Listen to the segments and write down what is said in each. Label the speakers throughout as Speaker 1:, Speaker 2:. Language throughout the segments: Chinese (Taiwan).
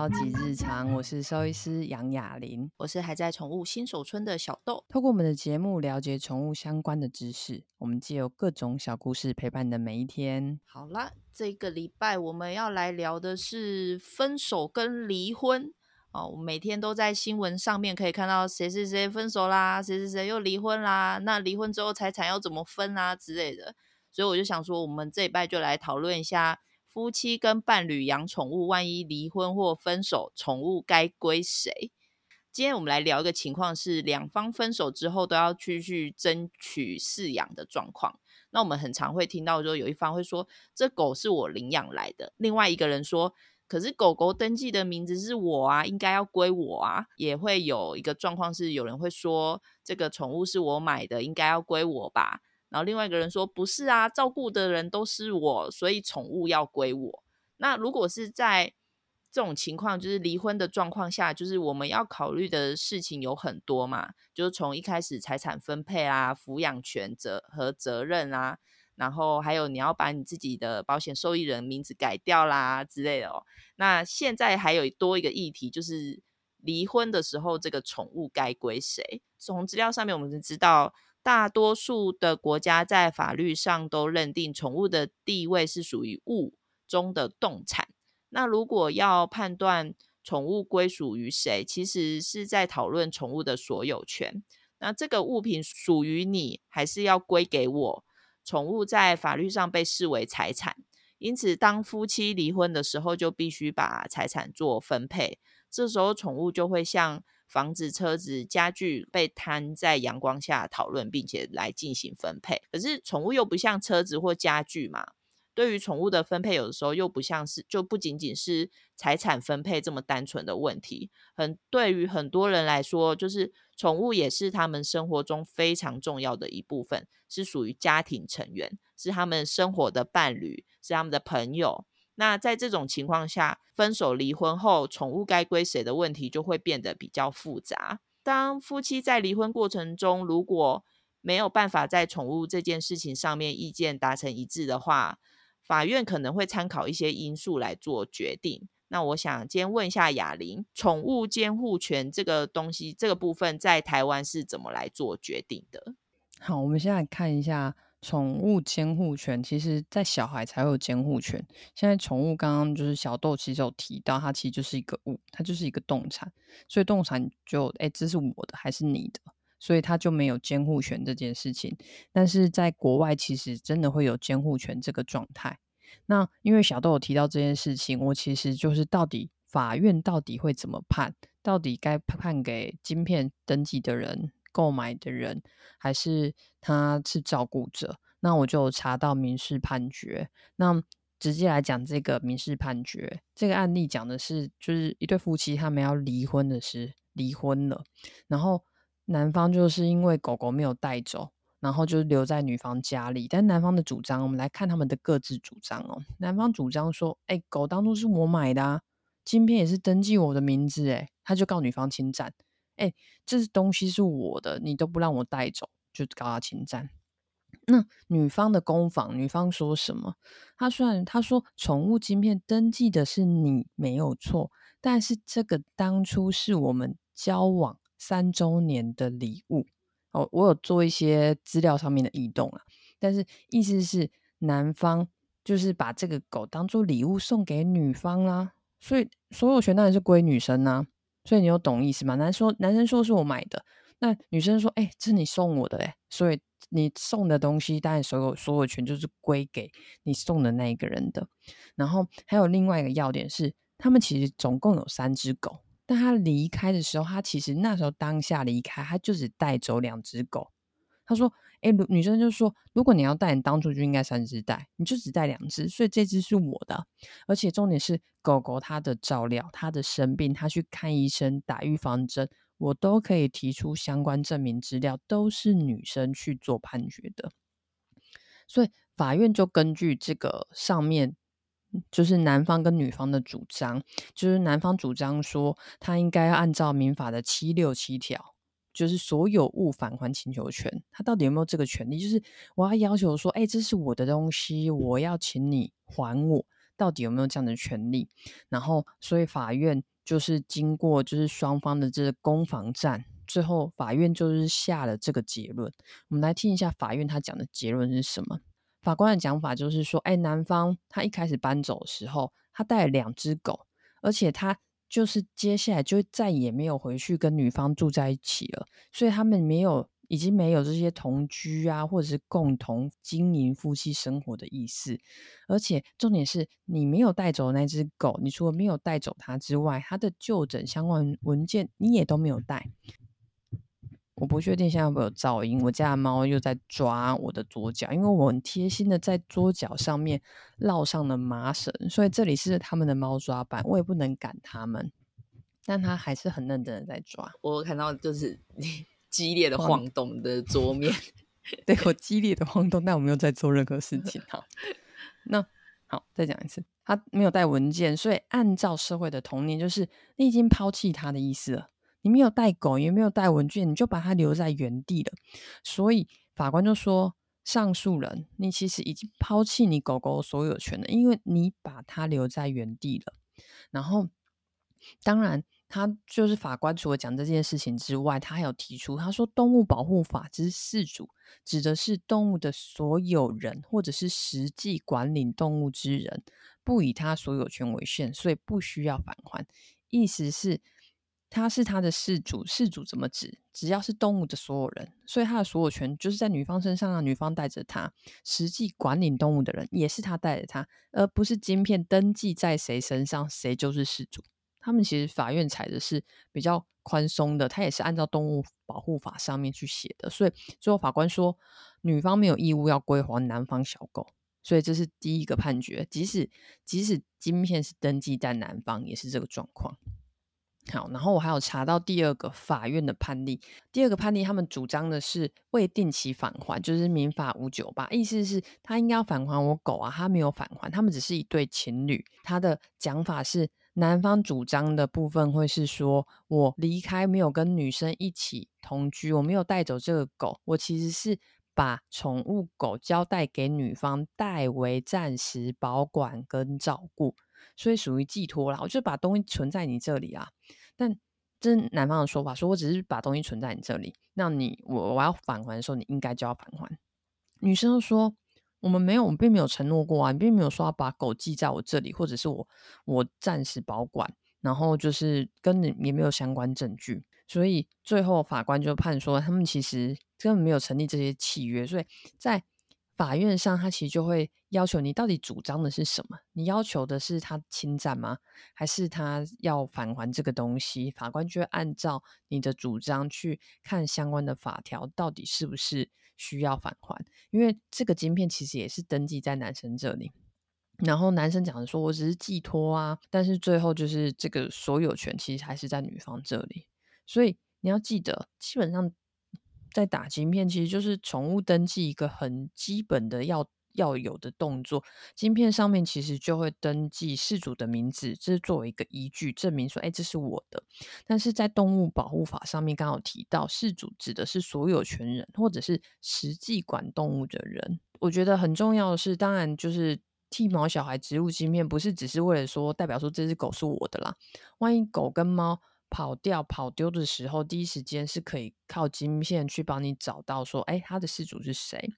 Speaker 1: 沒交集日常，我是獸醫師楊雅玲，我是還在寵物新手村的小豆。透過我們的節目了解寵物相關的知識，我們藉由各種小故事陪伴你的每一天。
Speaker 2: 好啦，這個禮拜我們要來聊的是分手跟離婚哦。我每天都在新聞上面可以看到誰誰誰分手啦，誰誰誰又離婚啦。那離婚之後財產要怎麼分啊之類的，所以我就想說，我們這禮拜就來討論一下。夫妻跟伴侶養寵物，萬一離婚或分手，寵物該歸誰？今天我們來聊一個情況是，是兩方分手之後都要去去爭取飼養的狀況。那我們很常會聽到說，有一方會說，這狗是我領養來的，另外一個人說，可是狗狗登記的名字是我啊，應該要歸我啊。也會有一個狀況是，有人會說這個寵物是我買的，應該要歸我吧。然後另外一個人說：“不是啊，照顧的人都是我，所以寵物要歸我。”那如果是在這種情況，就是離婚的狀況下，就是我們要考慮的事情有很多嘛，就是從一開始財產分配啊、撫養權責和責任啊，然後還有你要把你自己的保險受益人名字改掉啦之類的哦。那現在還有多一個議題，就是離婚的時候這個寵物該歸誰？從資料上面我們就知道。大多數的國家在法律上都認定寵物的地位是屬於物中的動產。那如果要判斷寵物歸屬於誰，其實是在討論寵物的所有權。那這個物品屬於你，還是要歸給我？寵物在法律上被視為財產，因此當夫妻離婚的時候，就必須把財產做分配。這時候，寵物就會像，房子、車子、家具被攤在陽光下討論，並且來進行分配。可是寵物又不像車子或家具嘛，對於寵物的分配，有的時候又不像是，就不僅僅是財產分配這麼單純的問題。很對於很多人來說，就是寵物也是他們生活中非常重要的一部分，是屬於家庭成員，是他們生活的伴侶，是他們的朋友。那在這種情況下，分手離婚後，寵物該歸誰的問題就會變得比較複雜。當夫妻在離婚過程中，如果沒有辦法在寵物這件事情上面意見達成一致的話，法院可能會參考一些因素來做決定。那我想先問一下雅玲，寵物監護權這個東西，這個部分在台灣是怎麼來做決
Speaker 1: 定的？好，我們現在看一下。寵物監護權，其實，在小孩才會有監護權。現在寵物，剛剛就是小豆其實有提到，它其實就是一個物，它就是一個動產，所以動產就，哎、欸，這是我的還是你的？所以它就沒有監護權這件事情。但是在國外，其實真的會有監護權這個狀態。那因為小豆有提到這件事情，我其實就是到底法院到底會怎麼判？到底該判給晶片登記的人？購買的人還是他是照顧者，那我就查到民事判決。那直接來講，這個民事判決，這個案例講的是，就是一對夫妻他們要離婚的是離婚了，然後男方就是因為狗狗沒有帶走，然後就留在女方家裡。但男方的主張，我們來看他們的各自主張哦。男方主張說，哎、欸，狗當初是我買的，啊，晶片也是登記我的名字，哎，他就告女方侵占。哎、欸，這東西是我的，你都不讓我帶走，就搞到侵占。那女方的攻防，女方說什麼？他雖然，他說寵物晶片登記的是你，沒有錯。但是這個當初是我們交往三周年的禮物哦，我有做一些資料上面的異動啊。但是意思是男方就是把這個狗當做禮物送給女方啦、啊，所以所有權當然是歸女生啦、啊。所以你有懂意思嗎？男說，男生說，是我買的，那女生說，誒，這是你送我的誒，所以你送的東西，當然所有所有權就是歸給你送的那一個人的。然後還有另外一個要點是，他們其實總共有三隻狗，但他離開的時候，他其實那時候當下離開，他就只帶走兩隻狗。他說：“誒、欸，女生就說，如果你要帶，你當初就應該三隻帶，你就只帶兩隻。所以這隻是我的，而且重點是狗狗它的照料、它的生病、它去看醫生、打預防針，我都可以提出相關證明資料，都是女生去做判決的。所以法院就根據這個上面，就是男方跟女方的主張，就是男方主張說他應該要按照民法的七六七條。”就是所有物返還請求權，他到底有沒有這個權利？就是我要要求說，哎，這是我的東西，我要請你還我，到底有沒有這樣的權利？然後，所以法院就是經過就是雙方的這個攻防戰，最後法院就是下了這個結論。我們來聽一下法院他講的結論是什麼？法官的講法就是說，哎，男方他一開始搬走的時候，他帶了兩隻狗，而且他。就是接下來就再也沒有回去跟女方住在一起了，所以他們沒有，已經沒有這些同居啊，或者是共同經營夫妻生活的意思。而且重點是你沒有帶走那隻狗，你除了沒有帶走它之外，它的就診相關文件你也都沒有帶。我不確定現在有沒有噪音。我家的貓又在抓我的桌腳，因為我很貼心的在桌腳上面繞上了麻繩，所以這裡是他們的貓抓板。我也不能趕他們，但它還是很認真的在抓。我看到就是激烈的晃動的桌面， 對，我激烈的晃動，但我沒有在做任何事情。 好，那好，再講一次，他沒有帶文件，所以按照社會的通念，就是你已經拋棄他的意思了。你沒有帶狗，也沒有帶文具，你就把它留在原地了。所以法官就說：“上訴人，你其實已經拋棄你狗狗所有權了，因為你把它留在原地了。”然後，當然，他就是法官除了講這件事情之外，他還有提出他說：“動物保護法之飼主，指的是動物的所有人或者是實際管理動物之人，不以他所有權為限，所以不需要返還。”意思是。他是他的飼主，飼主怎麼指？只要是動物的所有人，所以他的所有權就是在女方身上啊。女方帶着他，實際管理動物的人也是他帶着他，而不是晶片登記在誰身上，誰就是飼主。他們其實法院裁的是比較寬鬆的，他也是按照動物保護法上面去寫的。所以最後法官說，女方沒有義務要歸還男方小狗，所以這是第一個判決。即使即使晶片是登記在男方，也是這個狀況。好，然後我還有查到第二個法院的判例，第二個判例他們主張的是未定期返還，就是民法五九八，意思是他應該要返還我狗啊，他沒有返還，他們只是一對情侶，他的講法是男方主張的部分會是說，我離開沒有跟女生一起同居，我沒有帶走這個狗，我其實是。把寵物狗交代給女方代為暫時保管跟照顧，所以屬於寄託啦。我就把東西存在你這裡啊，但這男方的說法，說我只是把東西存在你這裡，那你我我要返還的時候，你應該就要返還。女生說我們沒有，我們並沒有承諾過啊，並沒有說要把狗寄在我這裡，或者是我我暫時保管，然後就是跟你也沒有相關證據，所以最後法官就判說他們其實。根本沒有成立這些契約，所以在法院上，他其實就會要求你到底主張的是什麼？你要求的是他侵占嗎？還是他要返還這個東西？法官就會按照你的主張去看相關的法條，到底是不是需要返還？因為這個晶片其實也是登記在男生這裡，然後男生講的說我只是寄託啊，但是最後就是這個所有權其實還是在女方這裡，所以你要記得，基本上。在打晶片，其實就是寵物登記一個很基本的要要有的動作。晶片上面其實就會登記飼主的名字，這是作為一個依據，證明說，哎，這是我的。但是在動物保護法上面，剛好提到飼主指的是所有權人或者是實際管動物的人。我覺得很重要的是，當然就是替毛小孩植入晶片，不是只是為了說代表說這只狗是我的啦。萬一狗跟貓。跑掉、跑丟的時候，第一時間是可以靠晶片去幫你找到，說，哎，他的失主是誰？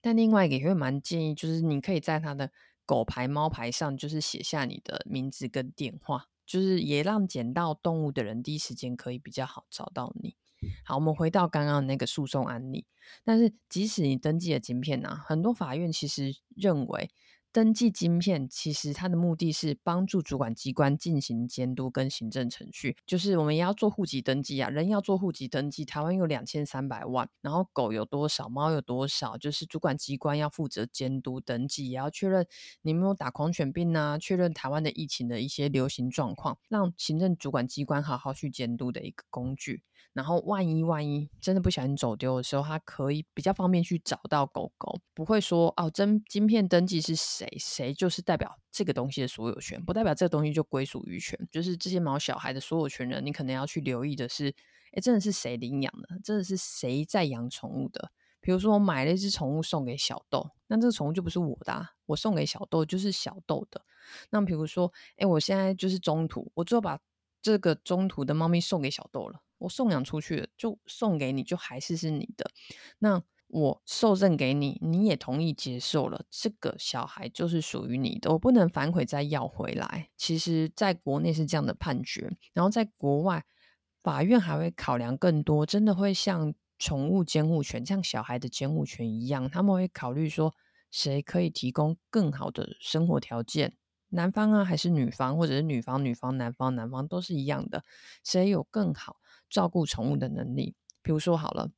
Speaker 1: 但另外一個也會蠻建議，就是你可以在他的狗牌、貓牌上，就是寫下你的名字跟電話，就是也讓撿到動物的人第一時間可以比較好找到你。好，我們回到剛剛那個訴訟案例，但是即使你登記了晶片呢、啊，很多法院其實認為。登記晶片其實它的目的是幫助主管機關進行監督跟行政程序，就是我們也要做戶籍登記啊，人要做戶籍登記，台灣有兩千三百萬，然後狗有多少，貓有多少，就是主管機關要負責監督登記，也要確認你有沒有打狂犬病啊，確認台灣的疫情的一些流行狀況，讓行政主管機關好好去監督的一個工具。然後萬一萬一真的不小心走丟的時候，它可以比較方便去找到狗狗，不會說哦，真，晶片登記是誰，誰就是代表這個東西的所有權，不代表這個東西就歸屬於權，就是這些毛小孩的所有權人，你可能要去留意的是，哎，真的是誰領養的，真的是誰在養寵物的。比如說我買了一只寵物送給小豆，那這個寵物就不是我的，啊，我送給小豆就是小豆的。那比如說，哎，我現在就是中途，我最後把這個中途的貓咪送給小豆了。我送養出去了，就送給你，就還是是你的。那我受贈給你，你也同意接受了，這個小孩就是屬於你的，我不能反悔再要回來。其實，在國內是這樣的判決，然後在國外，法院還會考量更多，真的會像寵物監護權，像小孩的監護權一樣，他們會考慮說誰可以提供更好的生活條件，男方啊，還是女方，或者是女方女方男方男方都是一樣的，誰有更好，照顧寵物的能力，比如說好了，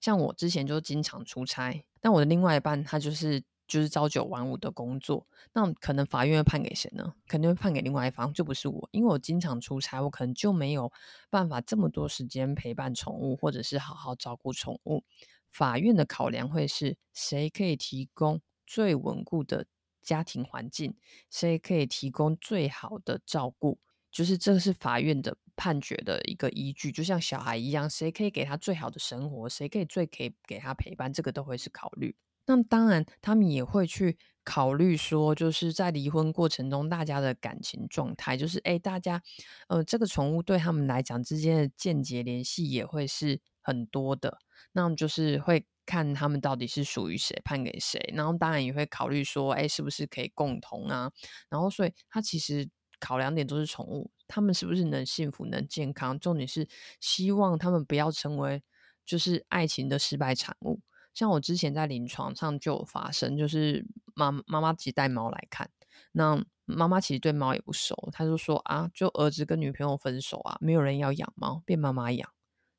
Speaker 1: 像我之前就經常出差，但我的另外一半他就是就是朝九晚五的工作，那可能法院會判給誰呢？肯定會判給另外一方，就不是我，因為我經常出差，我可能就沒有辦法這麼多時間陪伴寵物，或者是好好照顧寵物。法院的考量會是誰可以提供最穩固的家庭環境，誰可以提供最好的照顧，就是這個是法院的判決的一個依據，就像小孩一樣，誰可以給他最好的生活，誰可以最可以給他陪伴，這個都會是考慮。那當然，他們也會去考慮說，就是在離婚過程中，大家的感情狀態，就是欸，大家，呃，這個寵物對他們來講之間的間接聯繫也會是很多的。那就是會看他們到底是屬於誰，判給誰，然後當然也會考慮說，欸，是不是可以共同啊？然後所以，他其實考量點都是寵物，他們是不是能幸福，能健康？重點是希望他們不要成為就是愛情的失敗產物。像我之前在臨床上就有發生，就是媽媽媽自己帶貓來看，那媽媽其實對貓也不熟，她就說啊，就兒子跟女朋友分手啊，沒有人要養貓，變媽媽養。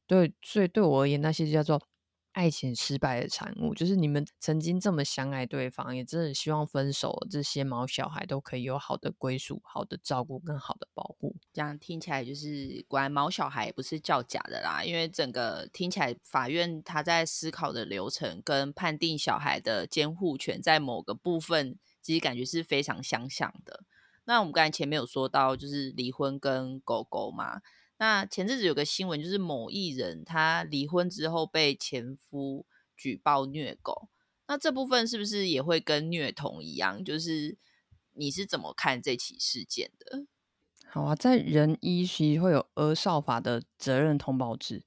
Speaker 1: 對，所以對我而言，那些就叫做愛情失敗的產物，就是你們曾經這麼相愛對方，也真的希望分手，這些毛小孩都可以有好的歸屬、好的照顧、更好的保護。這樣聽起來
Speaker 2: 就是，果然毛小孩也不是造假的啦。因為整個聽起來，法院他在思考的流程跟判定小孩的監護權在某個部分，其實感覺是非常相像的。那我們剛才前面有說到，就是離婚跟狗狗嘛。那前陣子有個新聞，就是某藝人他離婚之後被前夫舉報虐狗，那這部分是不是也會跟虐童一樣？就是你是怎麼看這起事件的？
Speaker 1: 好啊，在人醫其實會有兒少法的責任通報制，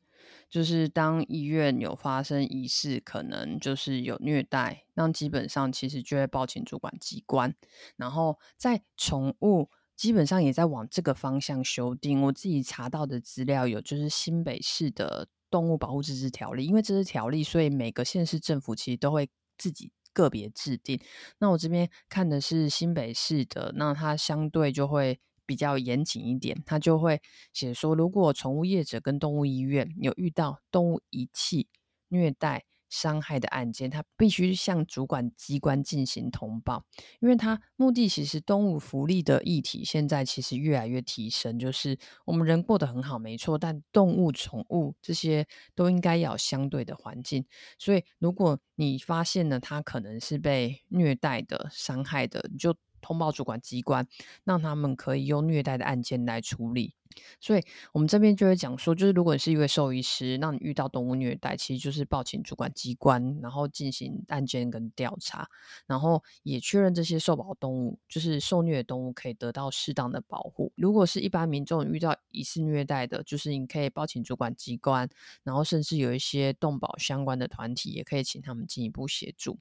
Speaker 1: 就是當醫院有發生疑似，可能就是有虐待，那基本上其實就會報請主管機關。然後在寵物，基本上也在往這個方向修訂。我自己查到的資料有，就是新北市的動物保護自治條例，因為這是條例，所以每個縣市政府其實都會自己個別製定。那我這邊看的是新北市的，那它相對就會。比較嚴謹一點，他就會寫說，如果寵物業者跟動物醫院有遇到動物遺棄、虐待、傷害的案件，他必須向主管機關進行通報。因為他目的其實動物福利的議題，現在其實越來越提升，就是我們人過得很好，沒錯，但動物、寵物這些都應該要有相對的環境。所以，如果你發現了它可能是被虐待的、傷害的，就，通報主管機關，讓他們可以用虐待的案件來處理。所以，我們這邊就會講說，就是如果你是一位獸醫師，那你遇到動物虐待，其實就是報請主管機關，然後進行案件跟調查，然後也確認這些受保動物就是受虐的動物可以得到適當的保護。如果是一般民眾遇到疑似虐待的，就是你可以報請主管機關，然後甚至有一些動保相關的團體也可以請他們進一步協助。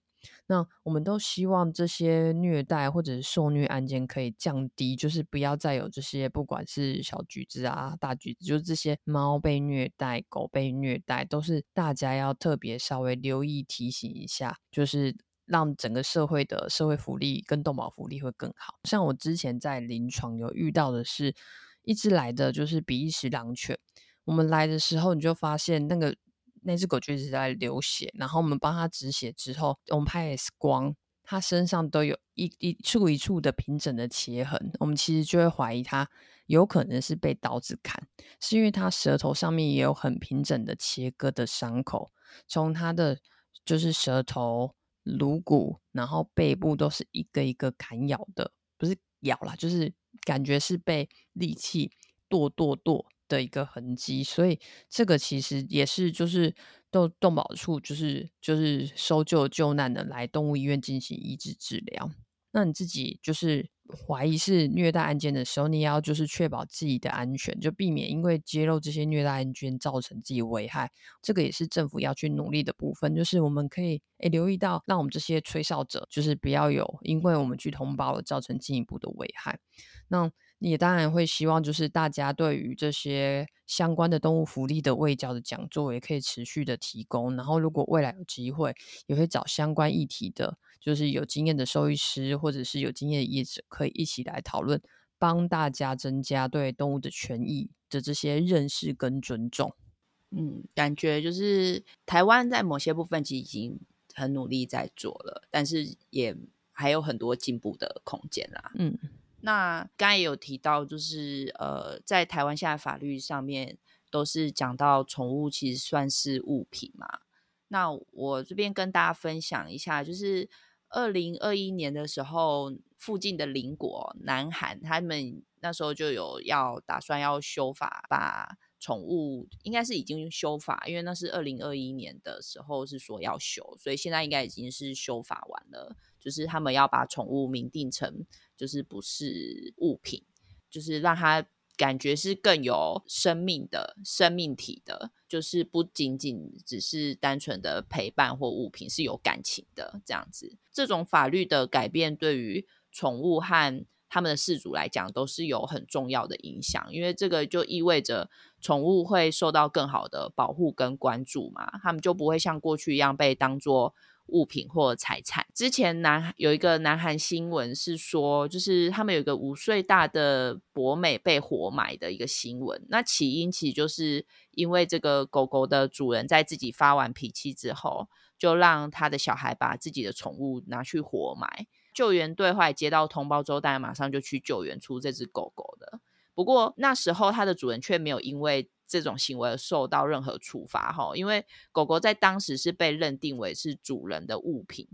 Speaker 1: 那我們都希望這些虐待或者是受虐案件可以降低，就是不要再有這些，不管是小橘子啊、大橘子，就是這些貓被虐待、狗被虐待，都是大家要特別稍微留意提醒一下，就是讓整個社會的社會福利跟動保福利會更好。像我之前在臨床有遇到的是一直來的就是比利時狼犬，我們來的時候你就發現那個。那隻狗就一直在流血，然後我們幫它止血之後，我們拍 X 光，它身上都有一一,一處一處的平整的切痕，我們其實就會懷疑它有可能是被刀子砍，是因為它舌頭上面也有很平整的切割的傷口，從它的就是舌頭、顱骨，然後背部都是一個一個砍咬的，不是咬啦，就是感覺是被利器剁剁剁的一個痕跡，所以這個其實也是就是動動保處、就是，就是就是搜救救難的來動物醫院進行醫治治療。那你自己就是懷疑是虐待案件的時候，你要就是確保自己的安全，就避免因為揭露這些虐待案件造成自己危害。這個也是政府要去努力的部分，就是我們可以誒留意到，讓我們這些吹哨者就是不要有因為我們去通報造成進一步的危害。那。也當然會希望，就是大家對於這些相關的動物福利的衛教的講座，也可以持續的提供。然後，如果未來有機會，也會找相關議題的，就是有經驗的獸醫師或者是有經驗的醫者，可以一起來討論，幫大家增加對動物的權益的這些認識跟尊重。嗯，感覺就是台灣在某
Speaker 2: 些部分其實已經很努力在做了，但是也還有很多進步的空間啦。嗯。那剛才也有提到，就是呃，在台灣現在法律上面都是講到寵物其實算是物品嘛。那我這邊跟大家分享一下，就是二零二一年的時候，附近的鄰國南韓他們那時候就有要打算要修法，把寵物應該是已經修法，因為那是二零二一年的時候是說要修，所以現在應該已經是修法完了。就是他們要把寵物明定成，就是不是物品，就是讓它感覺是更有生命的、生命體的，就是不僅僅只是單純的陪伴或物品是有感情的這樣子。這種法律的改變對於寵物和他們的飼主來講都是有很重要的影響，因為這個就意味着寵物會受到更好的保護跟關注嘛，他們就不會像過去一樣被當作。物品或財產。之前南有一個南韓新聞是說，就是他們有一個五歲大的博美被活埋的一個新聞。那起因其實就是因為這個狗狗的主人在自己發完脾氣之後，就讓他的小孩把自己的寵物拿去活埋。救援隊後來接到通報之後，大家馬上就去救援出這隻狗狗的。不過那時候他的主人卻沒有因為。這種行為受到任何處罰，因為狗狗在當時是被認定為是主人的物品，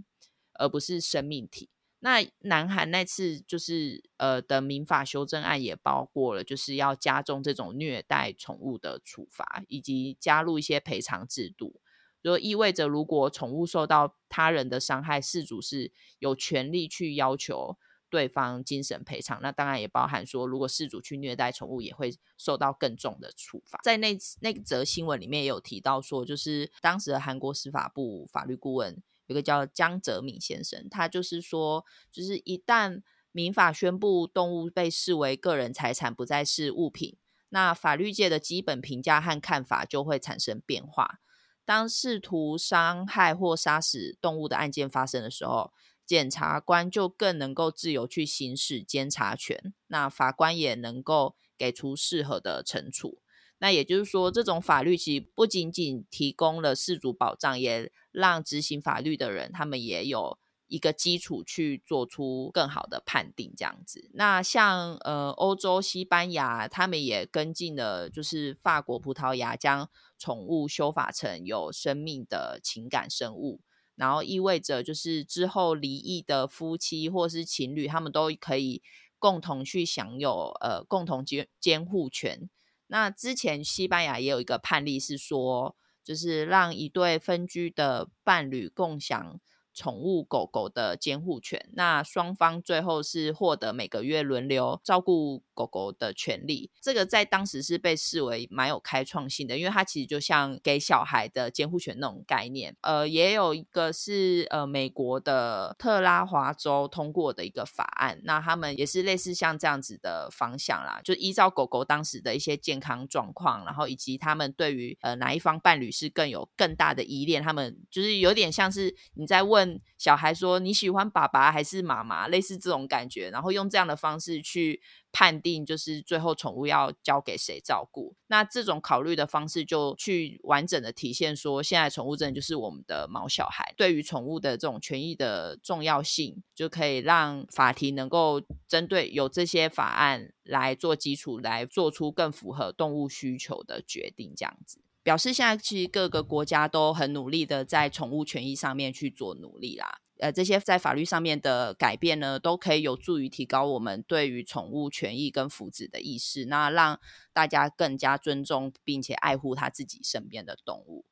Speaker 2: 而不是生命體。那南韓那次就是呃、的民法修正案也包括了，就是要加重這種虐待寵物的處罰，以及加入一些賠償制度。如果意味着如果寵物受到他人的傷害，事主是有權利去要求。對方精神賠償，那當然也包含說，如果事主去虐待寵物，也會受到更重的處罰。在那那則新聞裡面也有提到說，就是當時的韓國司法部法律顧問有個叫姜哲敏先生，他就是說，就是一旦民法宣布動物被視為個人財產，不再是物品，那法律界的基本評價和看法就會產生變化。當試圖傷害或殺死動物的案件發生的時候，檢察官就更能夠自由去行使檢察權，那法官也能夠給出適合的懲處。那也就是說，這種法律其實不僅僅提供了飼主保障，也讓執行法律的人他們也有一個基礎去做出更好的判定。這樣子。那像呃歐洲西班牙，他們也跟進了，就是法國、葡萄牙將寵物修法成有生命的情感生物。然後意味着就是之後離異的夫妻或是情侶，他們都可以共同去享有，呃，共同監監護權。那之前西班牙也有一個判例是說，就是讓一對分居的伴侶共享寵物狗狗的監護權，那雙方最後是獲得每個月輪流照顧。狗狗的權利，這個在當時是被視為蠻有開創性的，因為它其實就像給小孩的監護權那種概念。呃，也有一個是呃美國的特拉華州通過的一個法案，那他們也是類似像這樣子的方向啦，就依照狗狗當時的一些健康狀況，然後以及他們對於呃哪一方伴侶是更有更大的依戀，他們就是有點像是你在問小孩說你喜歡爸爸還是媽媽，類似這種感覺，然後用這樣的方式去判定，定就是最後寵物要交給誰照顧，那這種考慮的方式就去完整的體現說，現在寵物真的就是我們的毛小孩，對於寵物的這種權益的重要性，就可以讓法庭能夠針對有這些法案來做基礎，來做出更符合動物需求的決定。這樣子表示，現在其實各個國家都很努力的在寵物權益上面去做努力啦。呃，這些在法律上面的改變呢，都可以有助於提高我們對於寵物權益跟福祉的意識，那讓大家更加尊重並且愛護他自己身邊的動物。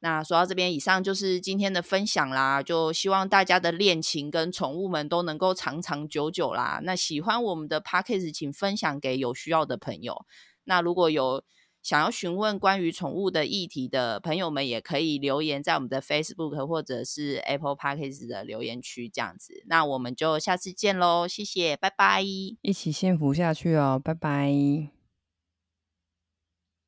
Speaker 2: 那說到這邊，以上就是今天的分享啦，就希望大家的戀情跟寵物們都能夠長長久久啦。那喜歡我們的 podcast，請分享給有需要的朋友。那如果有想要詢問關於寵物的議題的朋友們，也可以留言在我們的 Facebook 或者是 Apple Podcast 的留言區，這樣子。那我們就下次見嘍，謝謝，拜拜，一
Speaker 1: 起幸福下去哦，拜拜。